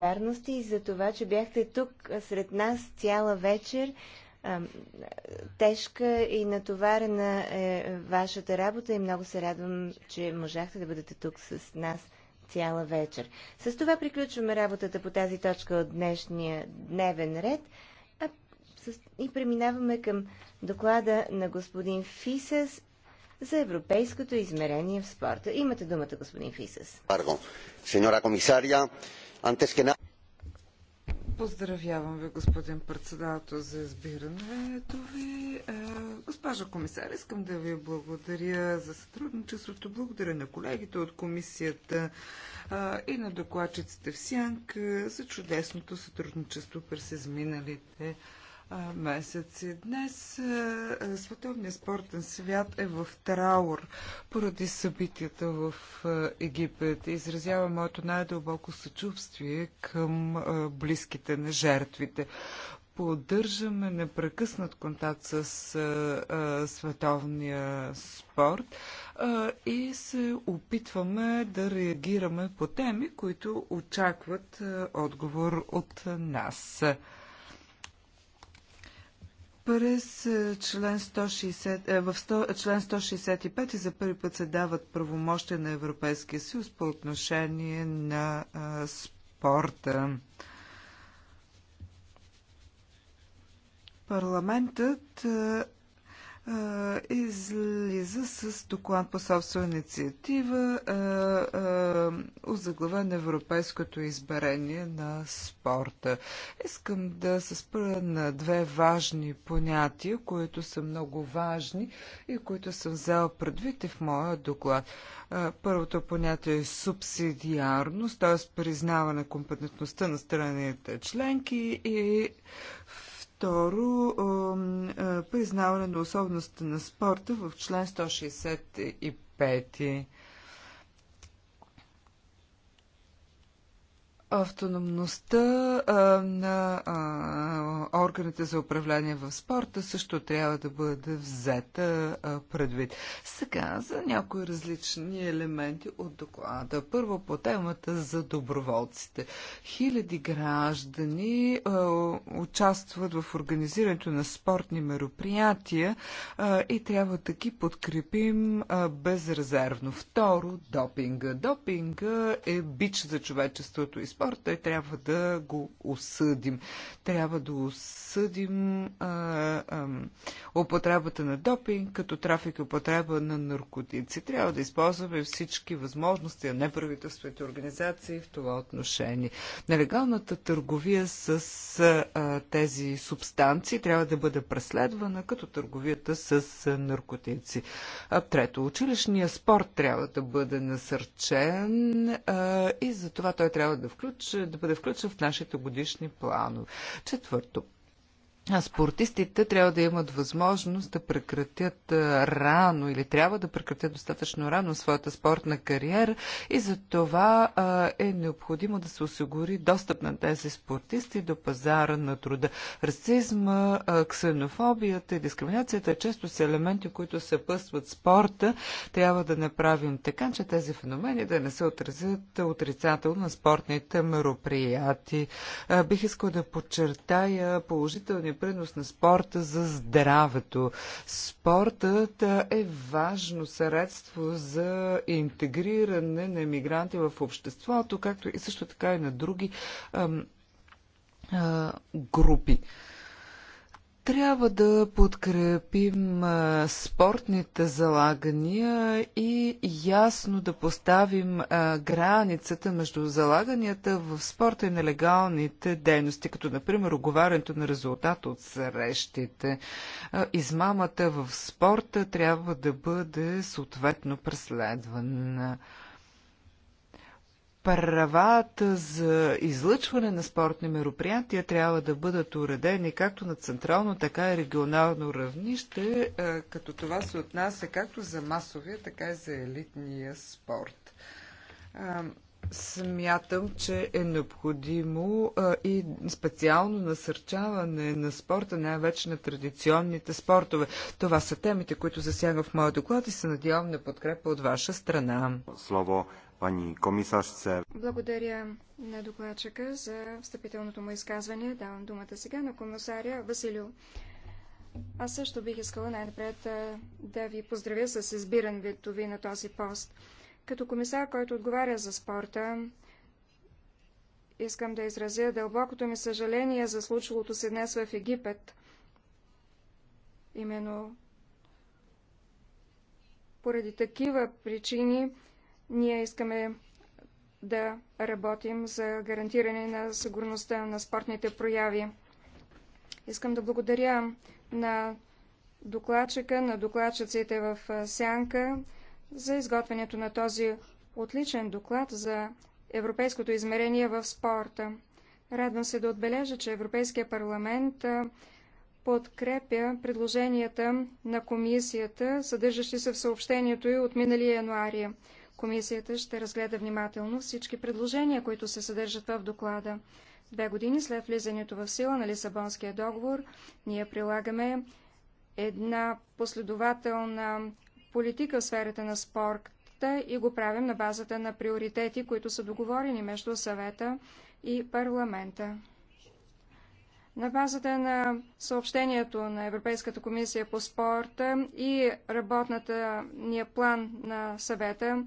благодарности и за това, че бяхте тук сред нас цяла вечер. Тежка и натоварена е, е вашата работа и много се радвам, че можахте да бъдете тук с нас цяла вечер. С това приключваме работата по тази точка от днешния дневен ред а с... и преминаваме към доклада на господин Фисес за европейското измерение в спорта. Имате думата, господин Фисес. Сеньора комисария, Поздравявам ви, господин председател, за избирането ви. Е, Госпожа комисар, искам да ви благодаря за сътрудничеството. Благодаря на колегите от комисията е, и на докладчиците в Сянка за чудесното сътрудничество през изминалите месеци. Днес световният спортен свят е в траур поради събитията в Египет. Изразява моето най-дълбоко съчувствие към близките на жертвите поддържаме непрекъснат контакт с а, световния спорт а, и се опитваме да реагираме по теми, които очакват а, отговор от нас. През е, член 160, е, в 100, член 165 за първи път се дават правомощия на Европейския съюз по отношение на а, е, спорта. Парламентът излиза с доклад по собствена инициатива, озаглавен Европейското изберение на спорта. Искам да се спра на две важни понятия, които са много важни и които съм взела предвид и в моя доклад. Първото понятие е субсидиарност, т.е. признаване компетентността на страните членки и Второ, признаване на особеността на спорта в член 165. Автономността а, на а, органите за управление в спорта също трябва да бъде взета а, предвид. Сега за някои различни елементи от доклада. Първо по темата за доброволците. Хиляди граждани а, участват в организирането на спортни мероприятия а, и трябва да ги подкрепим а, безрезервно. Второ, допинга. Допинга е бич за човечеството и спор, той трябва да го осъдим. Трябва да осъдим употребата на допинг, като трафик и употреба на наркотици. Трябва да използваме всички възможности на неправителствените организации в това отношение. Нелегалната търговия с а, тези субстанции трябва да бъде преследвана като търговията с наркотици. Трето, училищният спорт трябва да бъде насърчен а, и за това той трябва да включи включ, да бъде включен в нашите годишни планове. Четвърто, а спортистите трябва да имат възможност да прекратят рано или трябва да прекратят достатъчно рано своята спортна кариера и за това а, е необходимо да се осигури достъп на тези спортисти до пазара на труда. Расизма, а, ксенофобията и дискриминацията е често са елементи, които съпъстват спорта. Трябва да направим така, че тези феномени да не се отразят отрицателно на спортните мероприятия. А, бих искал да подчертая положителни принос на спорта за здравето. Спортът е важно средство за интегриране на емигранти в обществото, както и също така и на други ам, а, групи. Трябва да подкрепим спортните залагания и ясно да поставим границата между залаганията в спорта и нелегалните дейности, като например оговарянето на резултата от срещите. Измамата в спорта трябва да бъде съответно преследвана правата за излъчване на спортни мероприятия трябва да бъдат уредени както на централно, така и регионално равнище, е, като това се отнася както за масовия, така и за елитния спорт. Е, смятам, че е необходимо е, и специално насърчаване на спорта, най-вече на традиционните спортове. Това са темите, които засяга в моя доклад и се надявам на подкрепа от ваша страна. Слово Пани комисарце, Благодаря на докладчика за встъпителното му изказване. Давам думата сега на комисаря Василио. Аз също бих искала най-напред да ви поздравя с избирането ви на този пост. Като комисар, който отговаря за спорта, искам да изразя дълбокото ми съжаление за случилото се днес в Египет. Именно поради такива причини ние искаме да работим за гарантиране на сигурността на спортните прояви. Искам да благодаря на докладчика, на докладчиците в Сянка за изготвянето на този отличен доклад за европейското измерение в спорта. Радвам се да отбележа, че Европейския парламент подкрепя предложенията на комисията, съдържащи се в съобщението и от миналия януари. Комисията ще разгледа внимателно всички предложения, които се съдържат в доклада. Две години след влизането в сила на Лисабонския договор, ние прилагаме една последователна политика в сферата на спорта и го правим на базата на приоритети, които са договорени между съвета и парламента. На базата на съобщението на Европейската комисия по спорта и работната ния план на съвета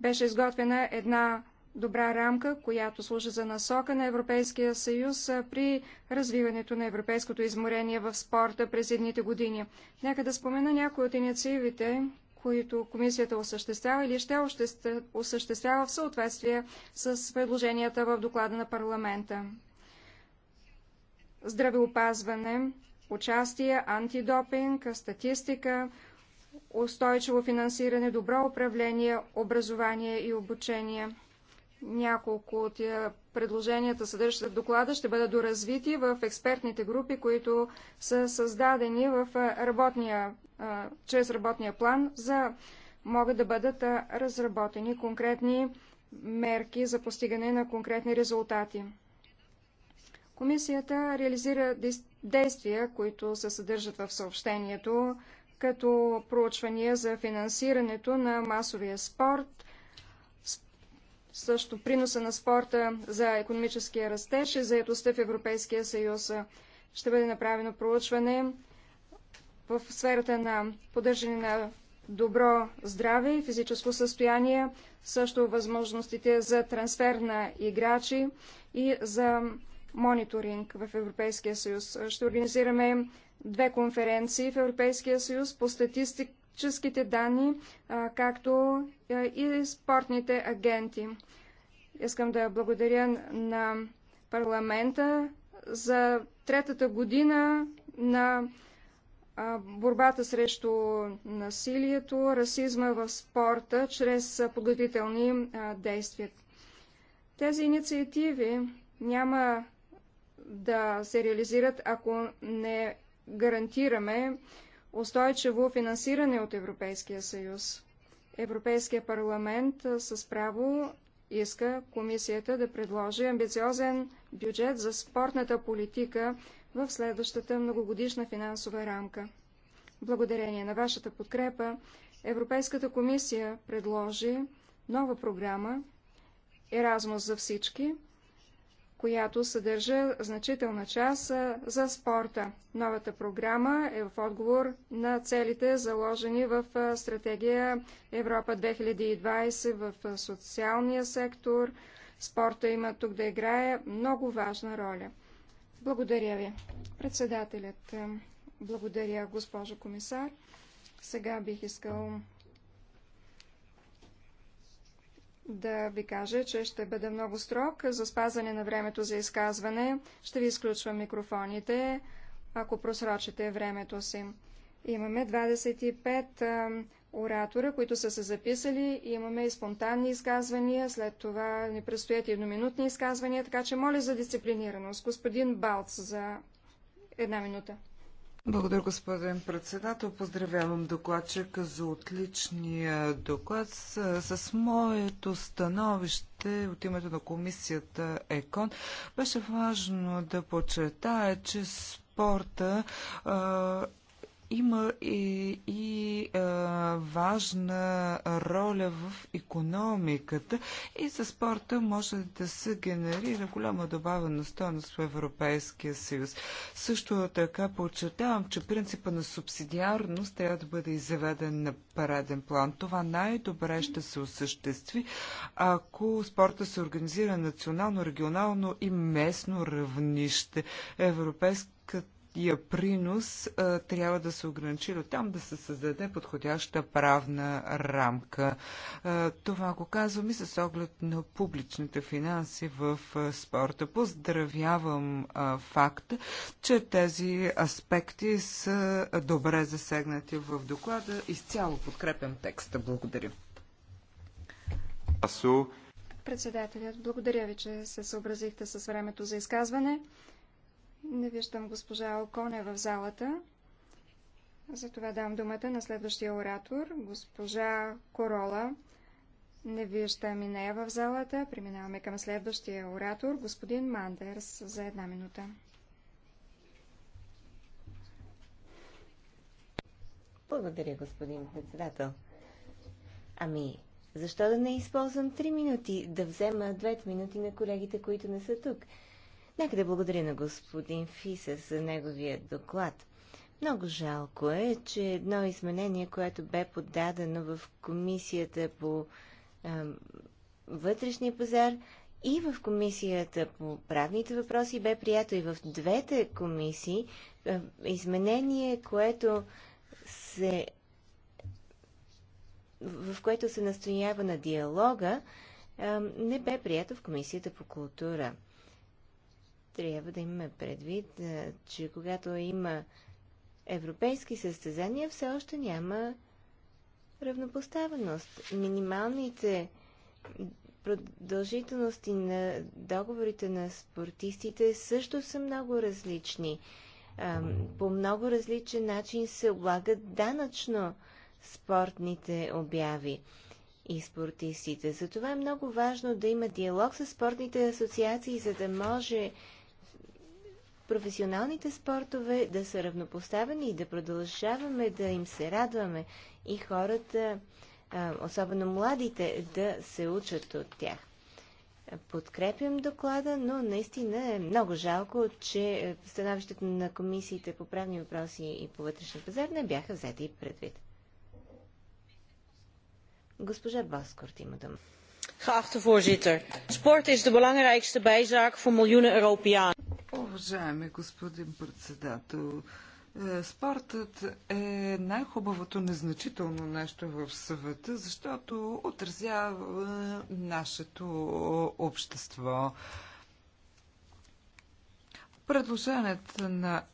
беше изготвена една добра рамка, която служи за насока на Европейския съюз при развиването на европейското изморение в спорта през едните години. Нека да спомена някои от инициативите, които комисията осъществява или ще осъществява в съответствие с предложенията в доклада на парламента здравеопазване, участие, антидопинг, статистика, устойчиво финансиране, добро управление, образование и обучение. Няколко от е, предложенията, съдържащи в доклада, ще бъдат доразвити в експертните групи, които са създадени в е, работния, е, чрез работния план за могат да бъдат разработени конкретни мерки за постигане на конкретни резултати. Комисията реализира действия, които се съдържат в съобщението, като проучвания за финансирането на масовия спорт, също приноса на спорта за економическия растеж и заедостта в Европейския съюз. Ще бъде направено проучване в сферата на поддържане на добро здраве и физическо състояние, също възможностите за трансфер на играчи и за мониторинг в Европейския съюз. Ще организираме две конференции в Европейския съюз по статистическите данни, както и спортните агенти. Искам да благодаря на парламента за третата година на борбата срещу насилието, расизма в спорта чрез подготвителни действия. Тези инициативи няма да се реализират, ако не гарантираме устойчиво финансиране от Европейския съюз. Европейския парламент с право иска комисията да предложи амбициозен бюджет за спортната политика в следващата многогодишна финансова рамка. Благодарение на вашата подкрепа, Европейската комисия предложи нова програма Еразмус за всички – която съдържа значителна част за спорта. Новата програма е в отговор на целите, заложени в стратегия Европа 2020 в социалния сектор. Спорта има тук да играе много важна роля. Благодаря ви, председателят. Благодаря, госпожо комисар. Сега бих искал да ви кажа, че ще бъда много строг за спазване на времето за изказване. Ще ви изключвам микрофоните, ако просрочите времето си. Имаме 25 оратора, които са се записали. Имаме и спонтанни изказвания. След това ни предстоят едноминутни изказвания, така че моля за дисциплинираност. Господин Балц за една минута. Благодаря, господин председател. Поздравявам докладчика за отличния доклад. С, с моето становище от името на комисията ЕКОН беше важно да подчертая, че спорта а, има и, и а, важна роля в економиката и за спорта може да се генерира голяма добавена стоеност в Европейския съюз. Също така подчертавам, че принципа на субсидиарност трябва да бъде изведен на параден план. Това най-добре ще се осъществи, ако спорта се организира национално, регионално и местно равнище. Европейската техния принос а, трябва да се ограничи до там да се създаде подходяща правна рамка. А, това го казвам и с оглед на публичните финанси в а, спорта. Поздравявам а, факта, че тези аспекти са добре засегнати в доклада. Изцяло подкрепям текста. Благодаря. Председателят, благодаря ви, че се съобразихте с времето за изказване. Не виждам госпожа Алконе в залата. Затова дам думата на следващия оратор, госпожа Корола. Не виждам и нея в залата. Преминаваме към следващия оратор, господин Мандерс, за една минута. Благодаря, господин председател. Ами, защо да не използвам 3 минути, да взема 2 минути на колегите, които не са тук? Нека да благодаря на господин Фиса за неговия доклад. Много жалко е, че едно изменение, което бе подадено в комисията по а, вътрешния пазар и в комисията по правните въпроси, бе прието и в двете комисии а, изменение, което се в което се настоява на диалога, а, не бе прието в Комисията по култура трябва да имаме предвид, че когато има европейски състезания, все още няма равнопоставеност. Минималните продължителности на договорите на спортистите също са много различни. По много различен начин се облагат данъчно спортните обяви и спортистите. Затова е много важно да има диалог с спортните асоциации, за да може професионалните спортове да са равнопоставени и да продължаваме да им се радваме и хората, особено младите, да се учат от тях. Подкрепям доклада, но наистина е много жалко, че е, становището на комисиите по правни въпроси и по вътрешен пазар не бяха взети предвид. Госпожа Баскорт има дума. Geachte voorzitter, sport is de belangrijkste bijzaak voor miljoenen Europeanen. Уважаеми господин председател, е, Спортът е най-хубавото незначително нещо в света, защото отразява нашето общество. Предложенията на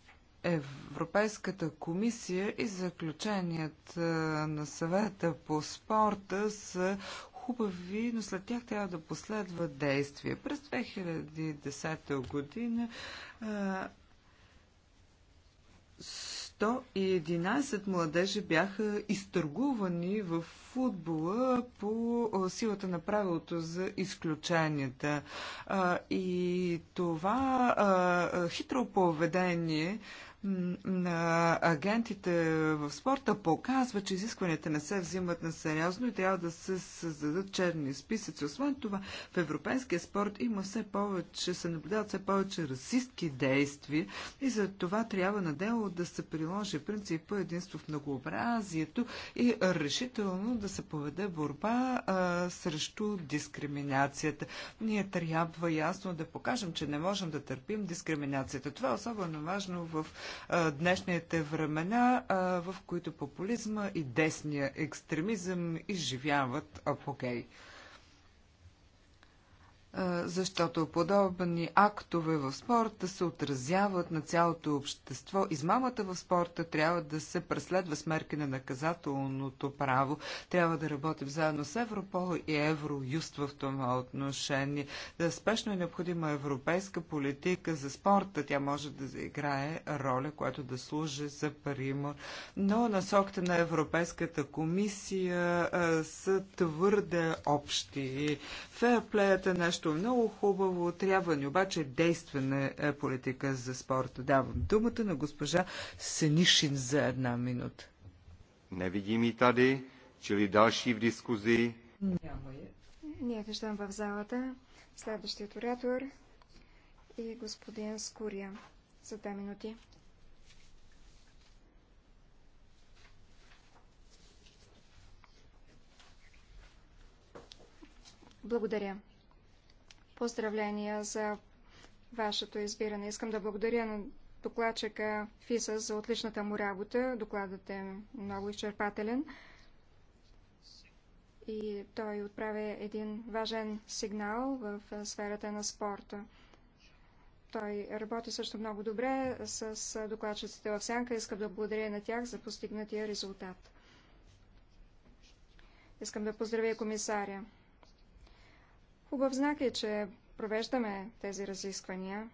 Европейската комисия и заключенията е, на съвета по спорта са хубави, но след тях трябва да последва действие. През 2010 година 111 младежи бяха изтъргувани в футбола по силата на правилото за изключенията. И това хитро поведение на агентите в спорта показва, че изискванията не се взимат на сериозно и трябва да се създадат черни списъци. Освен това, в европейския спорт има все повече, се наблюдават все повече расистки действия и за това трябва на дело да се приложи принципа единство в многообразието и решително да да се поведе борба а, срещу дискриминацията. Ние трябва ясно да покажем, че не можем да търпим дискриминацията. Това е особено важно в а, днешните времена, а, в които популизма и десния екстремизъм изживяват апогей. Okay защото подобни актове в спорта се отразяват на цялото общество. Измамата в спорта трябва да се преследва с мерки на наказателното право. Трябва да работим заедно с Европол и Евроюст в това отношение. Да спешно е необходима европейска политика за спорта. Тя може да заиграе роля, която да служи за пример. Но насоките на Европейската комисия а, са твърде общи. Фейерплеят е нещо нещо много хубаво. Трябва ни обаче действена е, политика за спорта. Давам думата на госпожа Сенишин за една минута. Не видим и тази, чили далши в дискузии. Няма я. Ние виждам в залата следващият оратор и господин Скурия за две минути. Благодаря. Поздравления за вашето избиране. Искам да благодаря на докладчика ФИСА за отличната му работа. Докладът е много изчерпателен и той отправя един важен сигнал в сферата на спорта. Той работи също много добре с докладчиците в Сянка. Искам да благодаря на тях за постигнатия резултат. Искам да поздравя комисаря. Хубав знак е, че провеждаме тези разисквания.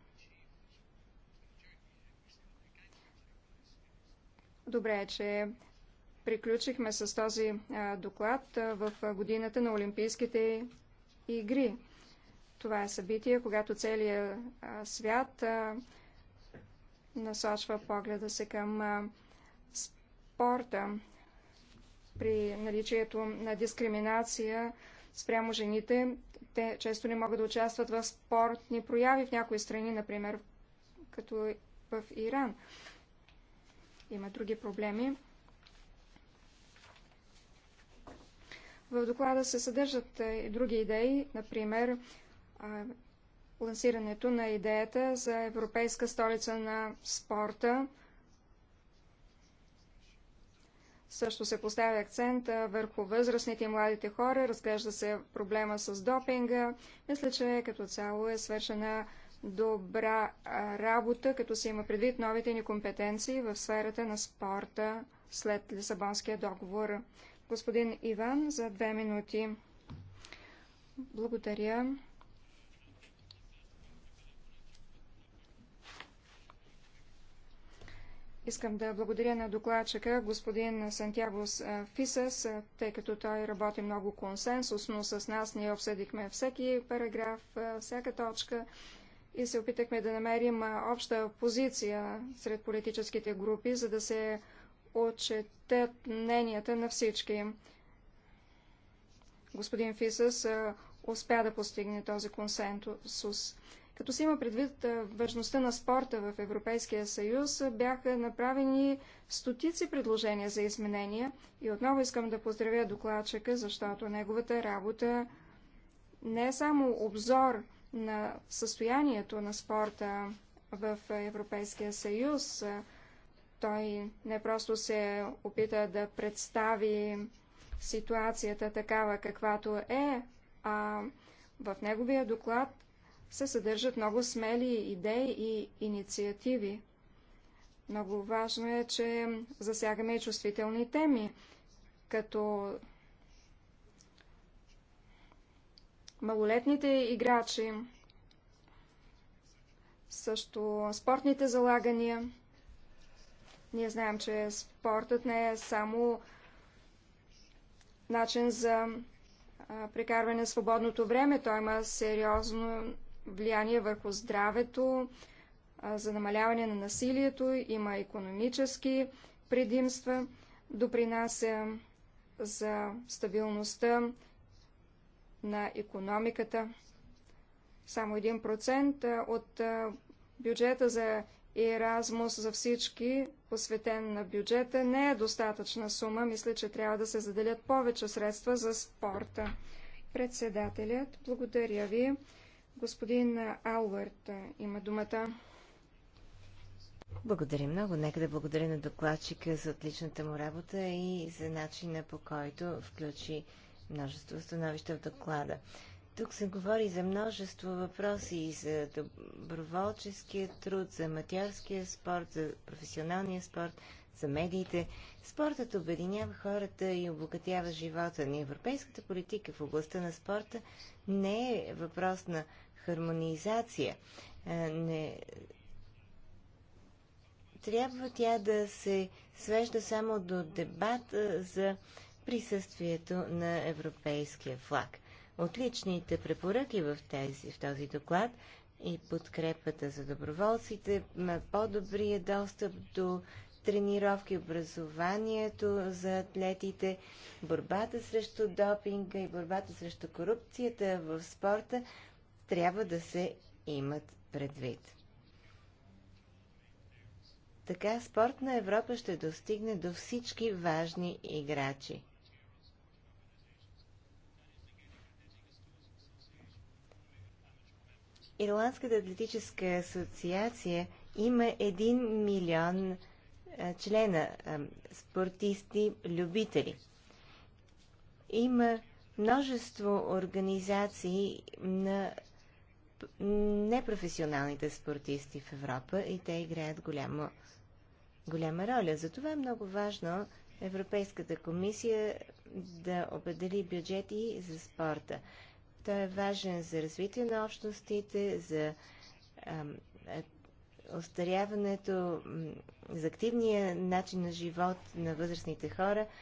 Добре е, че приключихме с този доклад в годината на Олимпийските игри. Това е събитие, когато целият свят насочва погледа се към спорта. При наличието на дискриминация спрямо жените те често не могат да участват в спортни прояви в някои страни, например като в Иран. Има други проблеми. В доклада се съдържат е, и други идеи, например лансирането на идеята за Европейска столица на спорта – Също се поставя акцент върху възрастните и младите хора, разглежда се проблема с допинга. Мисля, че като цяло е свършена добра работа, като се има предвид новите ни компетенции в сферата на спорта след Лисабонския договор. Господин Иван, за две минути. Благодаря. Искам да благодаря на докладчика господин Сантьявос Фисас, тъй като той работи много консенсусно с нас. Ние обсъдихме всеки параграф, всяка точка и се опитахме да намерим обща позиция сред политическите групи, за да се отчетат мненията на всички. Господин Фисас успя да постигне този консенсус. Като се има предвид важността на спорта в Европейския съюз, бяха направени стотици предложения за изменения и отново искам да поздравя докладчика, защото неговата работа не е само обзор на състоянието на спорта в Европейския съюз. Той не просто се опита да представи ситуацията такава каквато е, а в неговия доклад се съдържат много смели идеи и инициативи. Много важно е, че засягаме и чувствителни теми, като малолетните играчи, също спортните залагания. Ние знаем, че спортът не е само начин за прекарване на свободното време. Той има сериозно влияние върху здравето, за намаляване на насилието, има економически предимства, допринася за стабилността на економиката. Само 1% от бюджета за Еразмус за всички, посветен на бюджета, не е достатъчна сума. Мисля, че трябва да се заделят повече средства за спорта. Председателят, благодаря ви. Господин Алвард има думата. Благодаря много. Нека да благодаря на докладчика за отличната му работа и за начина по който включи множество становища в доклада. Тук се говори за множество въпроси и за доброволческия труд, за аматьорския спорт, за професионалния спорт, за медиите. Спортът обединява хората и обогатява живота ни. Европейската политика в областта на спорта не е въпрос на хармонизация. Не... Трябва тя да се свежда само до дебат за присъствието на европейския флаг. Отличните препоръки в, тези, в този доклад и подкрепата за доброволците, по-добрия достъп до тренировки, образованието за атлетите, борбата срещу допинга и борбата срещу корупцията в спорта трябва да се имат предвид. Така спортна Европа ще достигне до всички важни играчи. Ирландската атлетическа асоциация има 1 милион члена, спортисти, любители. Има множество организации на непрофесионалните спортисти в Европа и те играят голяма, голяма роля. Затова е много важно Европейската комисия да определи бюджети за спорта. Той е важен за развитие на общностите, за остаряването, е, за активния начин на живот на възрастните хора –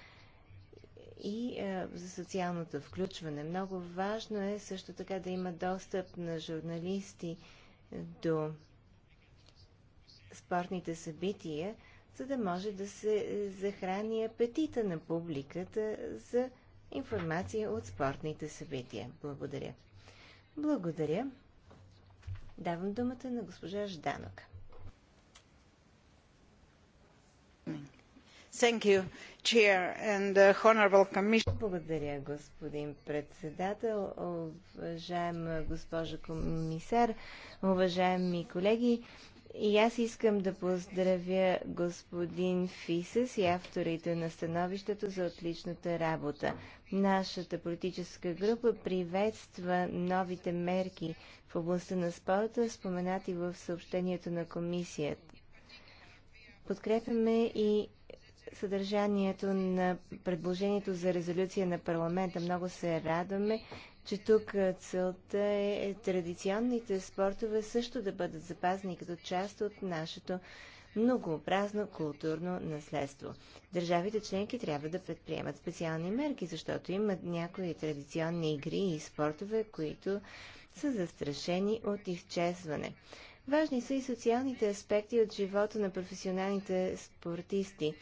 и а, е, за социалното включване. Много важно е също така да има достъп на журналисти е, до спортните събития, за да може да се е, захрани апетита на публиката за информация от спортните събития. Благодаря. Благодаря. Давам думата на госпожа Жданока. Uh, Благодаря, господин председател, уважаема госпожа комисар, уважаеми колеги. И аз искам да поздравя господин Фисес и авторите на становището за отличната работа. Нашата политическа група приветства новите мерки в областта на спорта, споменати в съобщението на комисията. Подкрепяме и съдържанието на предложението за резолюция на парламента. Много се радваме, че тук целта е, е традиционните спортове също да бъдат запазни като част от нашето многообразно културно наследство. Държавите членки трябва да предприемат специални мерки, защото имат някои традиционни игри и спортове, които са застрашени от изчезване. Важни са и социалните аспекти от живота на професионалните спортисти.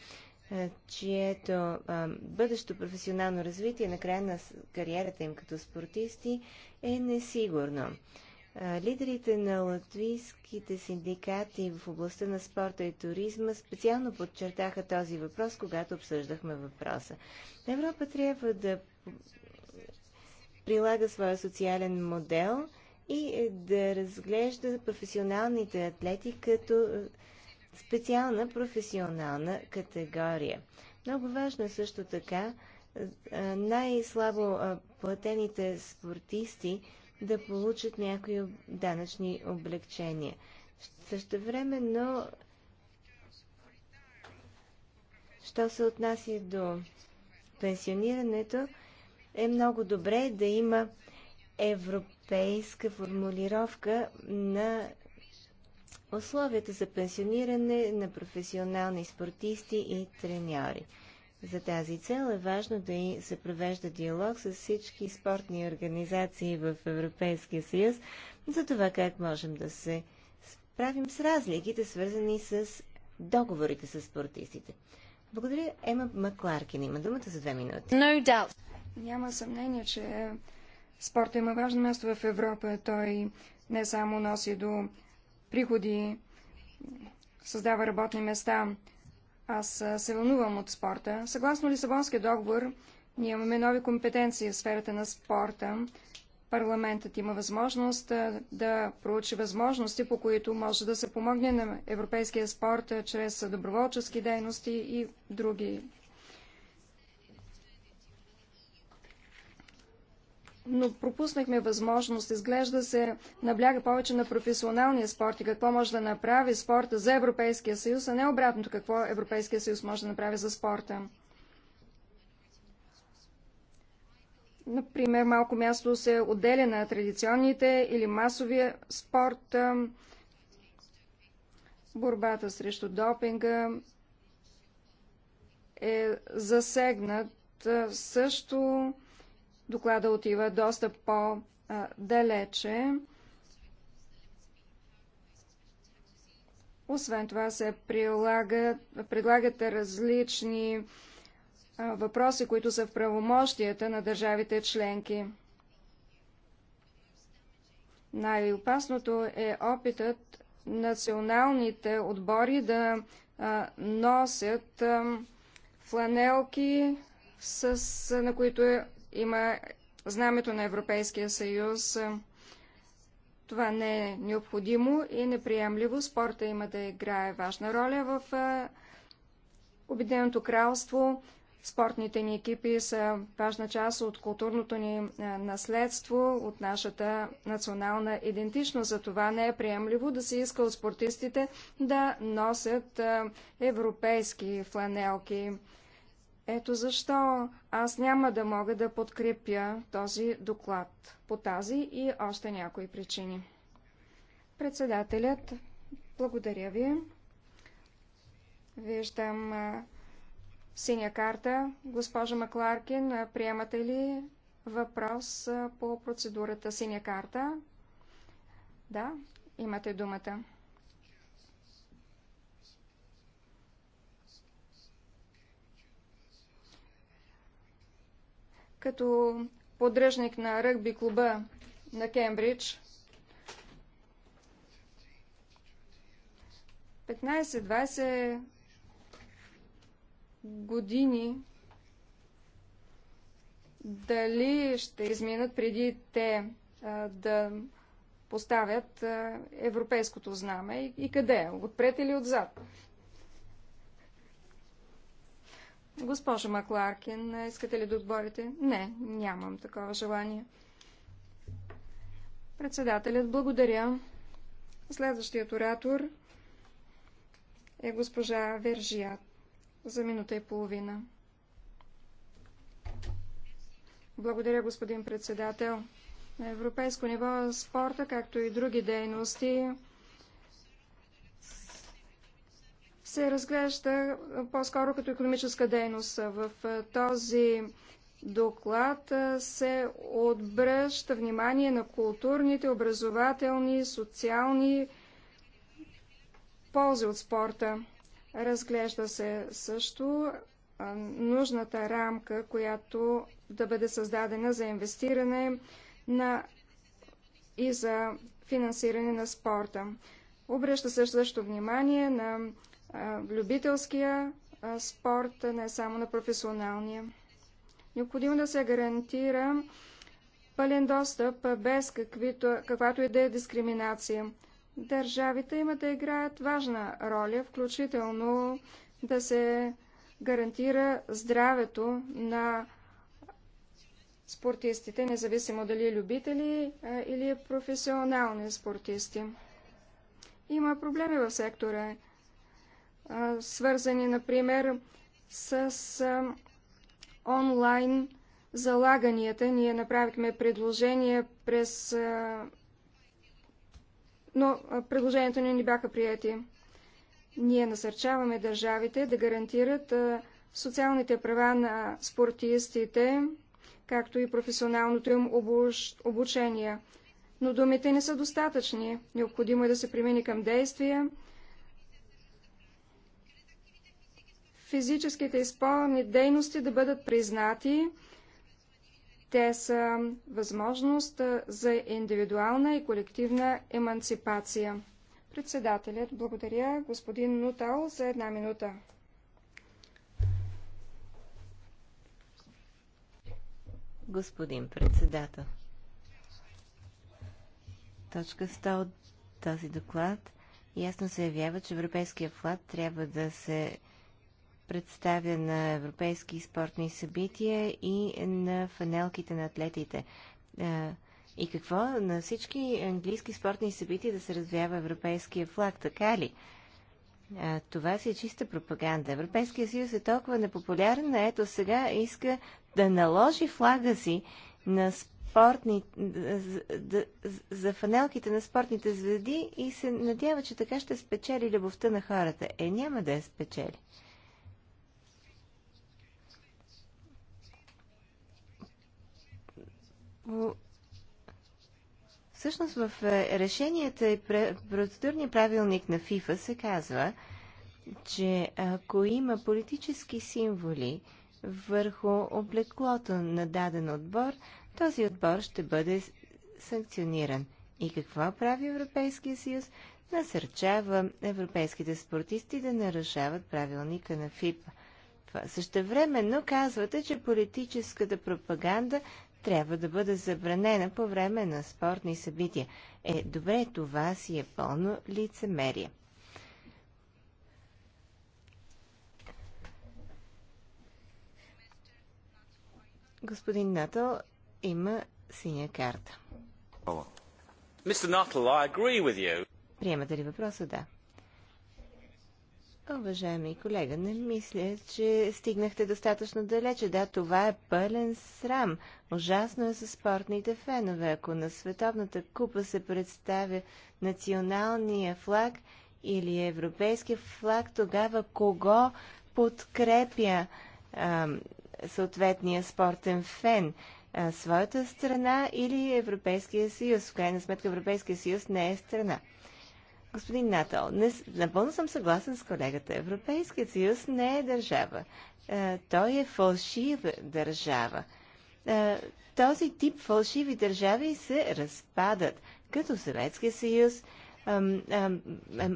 Е, чието а, бъдещо професионално развитие на края на кариерата им като спортисти е несигурно. А, лидерите на латвийските синдикати в областта на спорта и туризма специално подчертаха този въпрос, когато обсъждахме въпроса. Европа трябва да прилага своя социален модел и е, да разглежда професионалните атлети като специална професионална категория. Много важно е също така най-слабо платените спортисти да получат някои данъчни облегчения. Също време, но що се отнася до пенсионирането, е много добре да има европейска формулировка на условията за пенсиониране на професионални спортисти и треньори. За тази цел е важно да и се провежда диалог с всички спортни организации в Европейския съюз за това как можем да се справим с разликите, свързани с договорите с спортистите. Благодаря. Ема Макларкин има думата за две минути. No doubt. Няма съмнение, че спорта има важно място в Европа. Той не само носи до приходи, създава работни места. Аз се вълнувам от спорта. Съгласно Лисабонския договор, ние имаме нови компетенции в сферата на спорта. Парламентът има възможност да проучи възможности, по които може да се помогне на европейския спорт чрез доброволчески дейности и други но пропуснахме възможност. Изглежда се набляга повече на професионалния спорт и какво може да направи спорта за Европейския съюз, а не обратното какво Европейския съюз може да направи за спорта. Например, малко място се отделя на традиционните или масовия спорт, борбата срещу допинга е засегнат също Доклада отива доста по-далече. Освен това се прилагат, предлагат различни въпроси, които са в правомощията на държавите членки. Най-опасното е опитът националните отбори да носят фланелки, с, на които е има знамето на Европейския съюз. Това не е необходимо и неприемливо. Спорта има да играе важна роля в Обединеното кралство. Спортните ни екипи са важна част от културното ни наследство, от нашата национална идентичност. За това не е приемливо да се иска от спортистите да носят европейски фланелки. Ето защо аз няма да мога да подкрепя този доклад по тази и още някои причини. Председателят, благодаря ви. Виждам синя карта. Госпожа Макларкин, приемате ли въпрос по процедурата синя карта? Да, имате думата. като поддръжник на ръгби клуба на Кембридж. 15-20 години дали ще изминат преди те а, да поставят а, европейското знаме и, и къде? Отпред или отзад? Госпожо Макларкин, искате ли да отборите? Не, нямам такова желание. Председателят, благодаря. Следващият оратор е госпожа Вержия за минута и половина. Благодаря, господин председател. На европейско ниво спорта, както и други дейности, се разглежда по-скоро като економическа дейност. В този доклад се отбръща внимание на културните, образователни, социални ползи от спорта. Разглежда се също нужната рамка, която да бъде създадена за инвестиране на и за финансиране на спорта. Обръща се също внимание на в любителския спорт, не само на професионалния. Необходимо да се гарантира пълен достъп без каквито, каквато и да е дискриминация. Държавите имат да играят важна роля, включително да се гарантира здравето на спортистите, независимо дали е любители или или е професионални спортисти. Има проблеми в сектора свързани, например, с онлайн залаганията. Ние направихме предложение през... Но предложението ни не бяха прияти. Ние насърчаваме държавите да гарантират социалните права на спортистите, както и професионалното им обучение. Но думите не са достатъчни. Необходимо е да се примени към действия, физическите изпълнени дейности да бъдат признати. Те са възможност за индивидуална и колективна емансипация. Председателят, благодаря господин Нутал за една минута. Господин председател, точка 100 от този доклад ясно се явява, че европейския флаг трябва да се представя на европейски спортни събития и на фанелките на атлетите. И какво? На всички английски спортни събития да се развява европейския флаг, така ли? това си е чиста пропаганда. Европейския съюз е толкова непопулярен, а ето сега иска да наложи флага си на спортни, за, за фанелките на спортните звезди и се надява, че така ще спечели любовта на хората. Е, няма да я спечели. Всъщност в е, решенията и процедурния правилник на ФИФА се казва, че ако има политически символи върху облеклото на даден отбор, този отбор ще бъде санкциониран. И какво прави Европейския съюз? Насърчава европейските спортисти да нарушават правилника на ФИФА. Същевременно казвате, че политическата пропаганда трябва да бъде забранена по време на спортни събития. Е, добре, това си е пълно лицемерие. Господин Натъл има синя карта. Приемате ли въпроса? Да. Уважаеми колега, не мисля, че стигнахте достатъчно далече. Да, това е пълен срам. Ужасно е за спортните фенове. Ако на Световната купа се представя националния флаг или европейския флаг, тогава кого подкрепя а, съответния спортен фен? А, своята страна или Европейския съюз? В крайна сметка Европейския съюз не е страна. Господин Натал, не, напълно съм съгласен с колегата. Европейският съюз не е държава. Е, той е фалшива държава. Е, този тип фалшиви държави се разпадат, като Съветския съюз,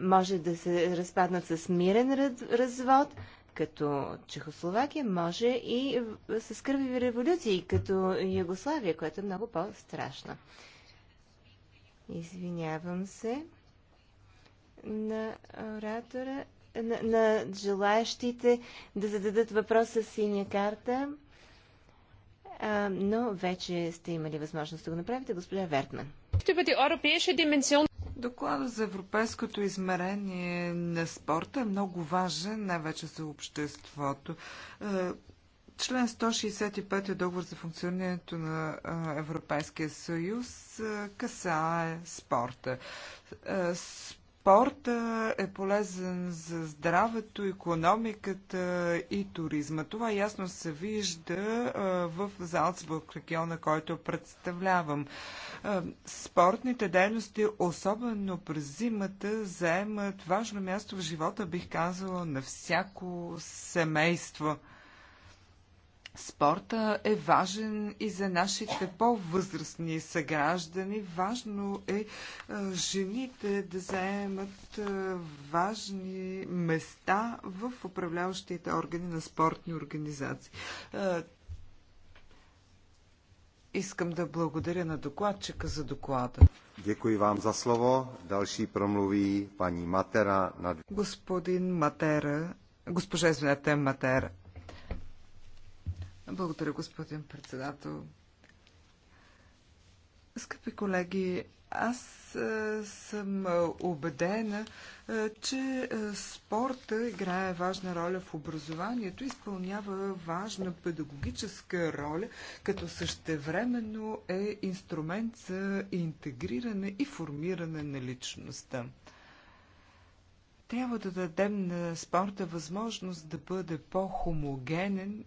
може да се разпаднат с мирен развод, като Чехословакия, може и с кървиви революции, като Югославия, което е много по-страшно. Извинявам се на оратора, на, на желаящите да зададат въпроса с синя карта, а, но вече сте имали възможност да го направите, госпожа Вертман. Доклада за европейското измерение на спорта е много важен, най-вече за обществото. Е, член 165 е договор за функционирането на е, Европейския съюз е, касае спорта. Спорта Спорт е полезен за здравето, економиката и туризма. Това ясно се вижда в Залцбург, региона, който представлявам. Спортните дейности, особено през зимата, заемат важно място в живота, бих казала, на всяко семейство. Спорта е важен и за нашите по-възрастни съграждани. Важно е, е жените да заемат е, важни места в управляващите органи на спортни организации. Е, искам да благодаря на докладчика за доклада. Děkuji vám za slovo. Další promluví paní Matera. Na... Господин Матера, госпожа извинете Матера. Благодаря, господин председател. Скъпи колеги, аз е, съм е, убедена, е, че спорта играе важна роля в образованието, изпълнява важна педагогическа роля, като същевременно е инструмент за интегриране и формиране на личността. Трябва да дадем на спорта възможност да бъде по-хомогенен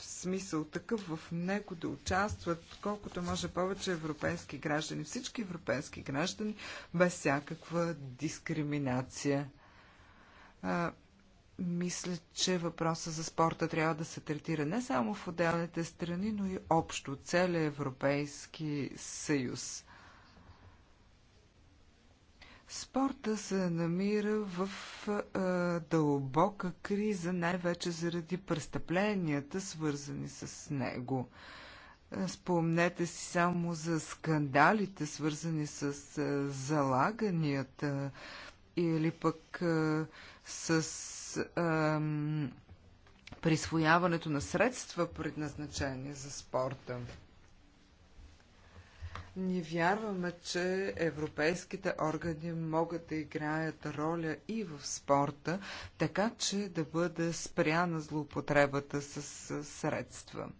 смисъл такъв в него да участват колкото може повече европейски граждани, всички европейски граждани, без всякаква дискриминация. А, мисля, че въпроса за спорта трябва да се третира не само в отделните страни, но и общо, целия Европейски съюз. Спорта се намира в а, дълбока криза, най-вече заради престъпленията, свързани с него. Спомнете си само за скандалите, свързани с а, залаганията или пък а, с а, присвояването на средства, предназначени за спорта. Ние вярваме, че европейските органи могат да играят роля и в спорта, така че да бъде спряна злоупотребата с средства.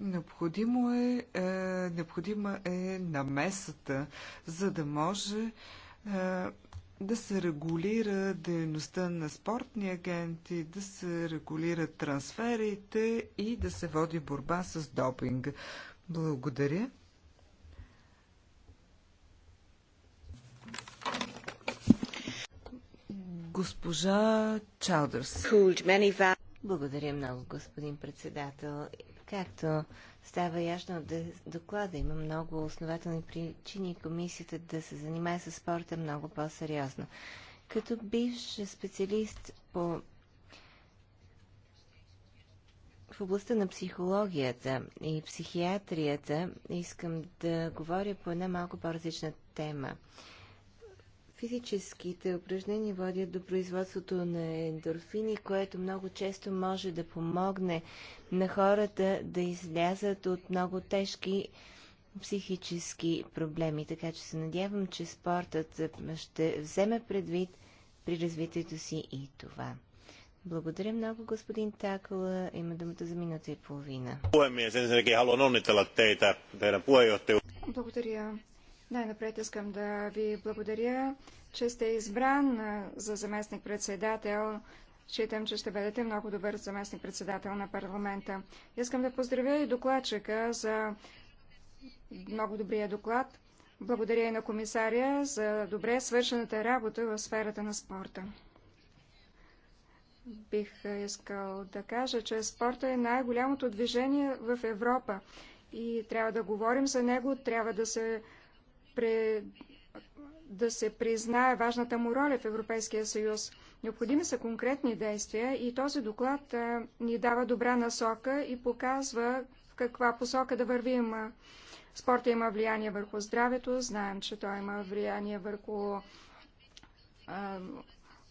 Необходимо е, е, необходима е намесата, за да може е, да се регулира дейността на спортни агенти, да се регулират трансферите и да се води борба с допинга. Благодаря. Госпожа Чалдърс. Благодаря много, господин председател. Както става ясно от доклада. Има много основателни причини комисията да се занимае с спорта много по-сериозно. Като бивш специалист по в областта на психологията и психиатрията искам да говоря по една малко по-различна тема. Физическите упражнения водят до производството на ендорфини, което много често може да помогне на хората да излязат от много тежки психически проблеми. Така че се надявам, че спортът ще вземе предвид при развитието си и това. Благодаря много, господин Такола. Има думата за минута и половина. Благодаря, най-напред искам да ви благодаря, че сте избран за заместник-председател. Считам, че ще бъдете много добър заместник-председател на парламента. Искам да поздравя и докладчика за много добрия доклад. Благодаря и на комисаря за добре свършената работа в сферата на спорта. Бих искал да кажа, че спорта е най-голямото движение в Европа и трябва да говорим за него, трябва да се пре... да се признае важната му роля в Европейския съюз. Необходими са конкретни действия и този доклад а, ни дава добра насока и показва в каква посока да вървим. Спорта има влияние върху здравето, знаем, че той има влияние върху а,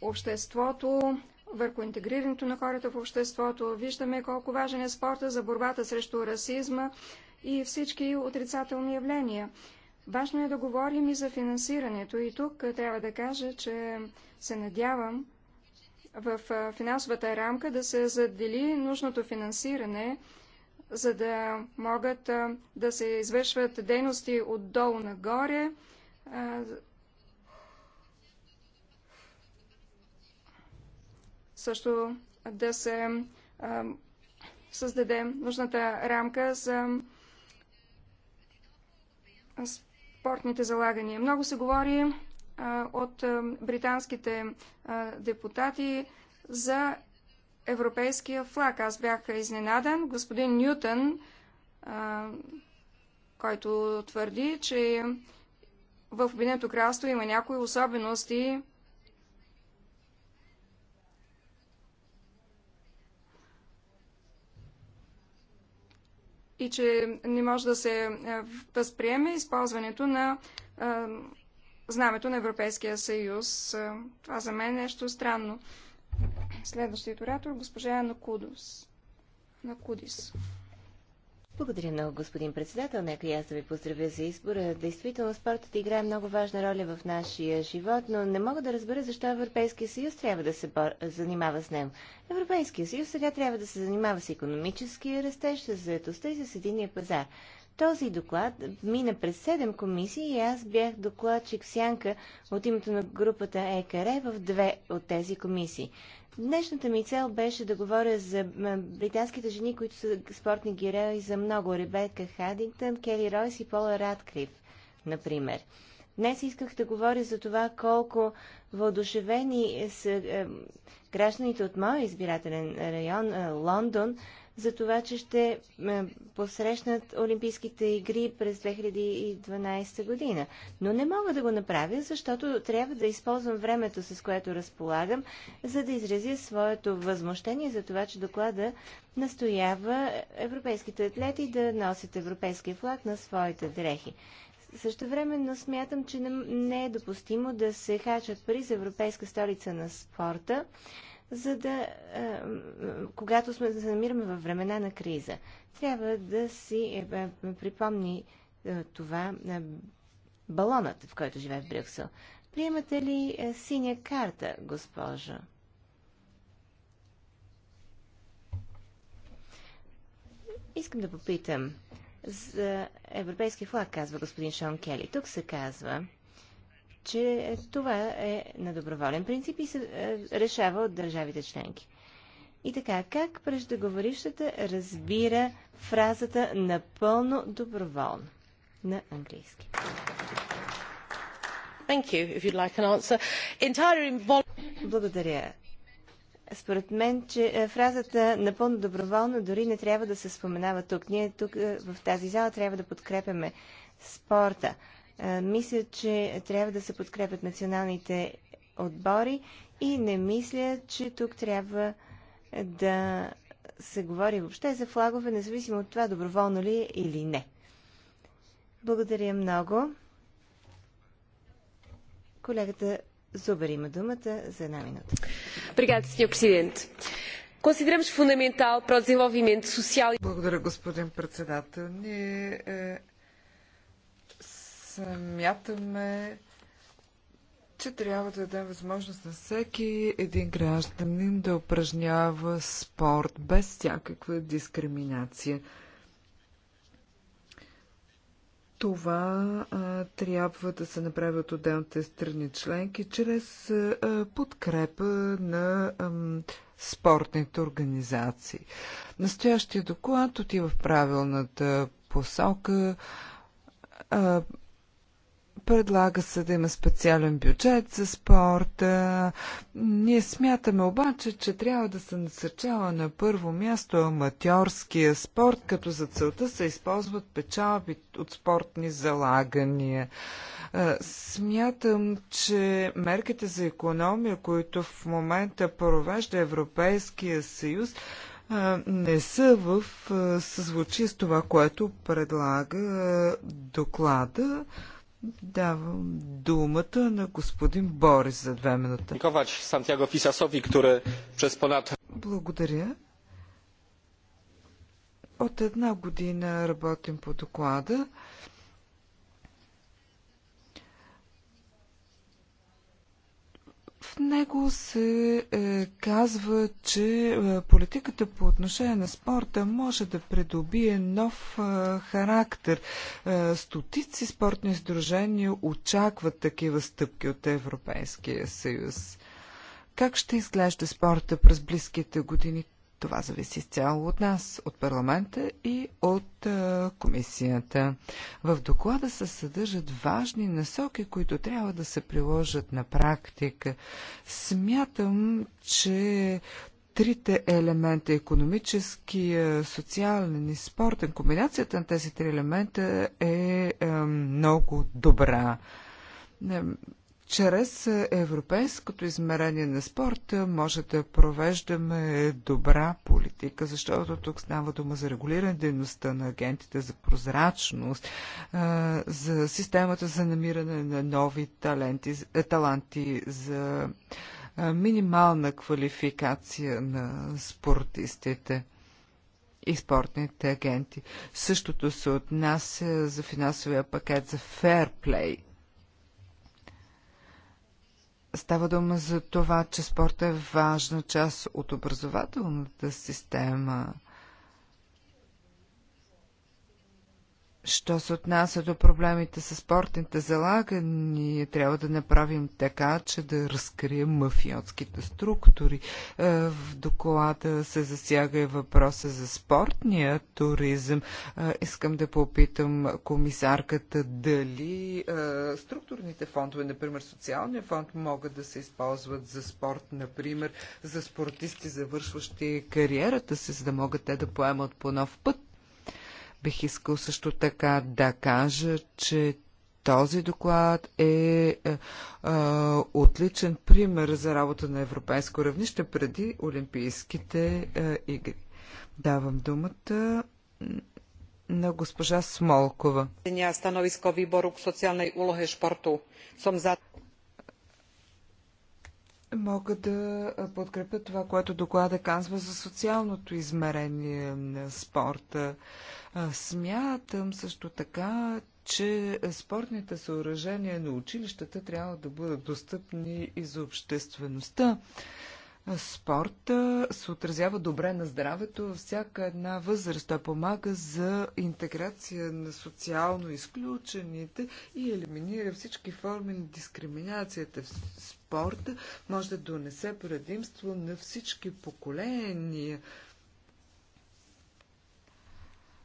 обществото, върху интегрирането на хората в обществото. Виждаме колко важен е спорта за борбата срещу расизма и всички отрицателни явления. Важно е да говорим и за финансирането. И тук трябва да кажа, че се надявам в финансовата рамка да се задели нужното финансиране, за да могат да се извършват дейности отдолу нагоре. Също да се създаде нужната рамка за спортните залагания. Много се говори а, от а, британските а, депутати за европейския флаг. Аз бях изненадан. Господин Нютън, а, който твърди, че в Обединеното кралство има някои особености и че не може да се е, възприеме използването на е, знамето на Европейския съюз. Е, това за мен е нещо странно. Следващият оратор, госпожа Накудос. Накудис. Накудис. Благодаря много, господин председател. Нека и аз да ви поздравя за избора. Действително, спортът играе много важна роля в нашия живот, но не мога да разбера защо Европейския съюз трябва да се бор... занимава с него. Европейския съюз сега трябва да се занимава с економическия растеж, с заетостта и с единия пазар. Този доклад мина през 7 комисии и аз бях докладчик сянка от името на групата ЕКР в две от тези комисии. Днешната ми цел беше да говоря за британските жени, които са спортни герои за много. Ребека Хадингтън, Кели Ройс и Пола Радклиф, например. Днес исках да говоря за това колко въодушевени са гражданите от моя избирателен район, е, Лондон, за това, че ще посрещнат Олимпийските игри през 2012 година. Но не мога да го направя, защото трябва да използвам времето, с което разполагам, за да изразя своето възмущение за това, че доклада настоява европейските атлети да носят европейския флаг на своите дрехи. Също времено смятам, че не е допустимо да се хачат пари за Европейска столица на спорта, за да, е, когато сме да се намираме във времена на криза. Трябва да си е, е, припомни това на балонът, в който живее в Брюксел. Приемате ли синя карта, госпожо? Искам да попитам. За европейски флаг, казва господин Шон Кели. Тук се казва, че това е на доброволен принцип и се е, решава от държавите членки. И така, как преждеговорищата разбира фразата напълно доброволно на английски? Thank you, if you'd like an answer. Благодаря. Според мен, че е, фразата напълно доброволно дори не трябва да се споменава тук. Ние тук е, в тази зала трябва да подкрепяме спорта. Е, мисля, че трябва да се подкрепят националните отбори и не мисля, че тук трябва да се говори въобще за флагове, независимо от това доброволно ли е или не. Благодаря много. Колегата Зубер има думата за една минута. Obrigado, сеньор президент. Благодаря, господин председател. Ние е, Смятаме, че трябва да дадем възможност на всеки един гражданин да упражнява спорт без всякаква дискриминация. Това а, трябва да се направи от отделните страни членки чрез а, подкрепа на а, спортните организации. Настоящия доклад отива в правилната посока. А, Предлага се да има специален бюджет за спорта. Ние смятаме обаче, че трябва да се насърчава на първо място аматьорския спорт, като за целта се използват печалби от спортни залагания. Е, смятам, че мерките за економия, които в момента провежда Европейския съюз, е, не са в е, съзвучие с това, което предлага доклада. Давам думата на господин Борис за две минути. Сантьяго Фисасови, który przez ponad... Благодаря. От една година работим по доклада. В него се е, казва, че е, политиката по отношение на спорта може да придобие нов е, характер. Е, стотици спортни сдружения очакват такива стъпки от Европейския съюз. Как ще изглежда спорта през близките години? Това зависи изцяло от нас, от парламента и от а, е, комисията. В доклада се съдържат важни насоки, които трябва да се приложат на практика. Смятам, че трите елемента економически, социален и спортен, комбинацията на тези три елемента е, е много добра е, чрез европейското измерение на спорта може да провеждаме добра политика, защото тук става дума за регулиране дейността на агентите, за прозрачност, за системата за намиране на нови таленти, е, таланти, за минимална квалификация на спортистите и спортните агенти. Същото се отнася за финансовия пакет за ферплей – Става дума за това, че спорта е важна част от образователната система. Що се отнася до проблемите с спортните залага, ние трябва да направим така, че да разкрием мафиотските структури. Е, в доклада се засяга и въпроса за спортния туризъм. Е, искам да попитам комисарката дали е, структурните фондове, например социалния фонд, могат да се използват за спорт, например за спортисти, завършващи кариерата си, за да могат те да поемат по нов път Бих искал също така да кажа, че този доклад е, е, е отличен пример за работа на европейско равнище преди Олимпийските е, игри. Давам думата на госпожа Смолкова. Мога да подкрепя това, което доклада казва за социалното измерение на спорта. Смятам също така, че спортните съоръжения на училищата трябва да бъдат достъпни и за обществеността. Спорта се отразява добре на здравето във всяка една възраст. Той помага за интеграция на социално изключените и елиминира всички форми на дискриминацията. Спорта може да донесе предимство на всички поколения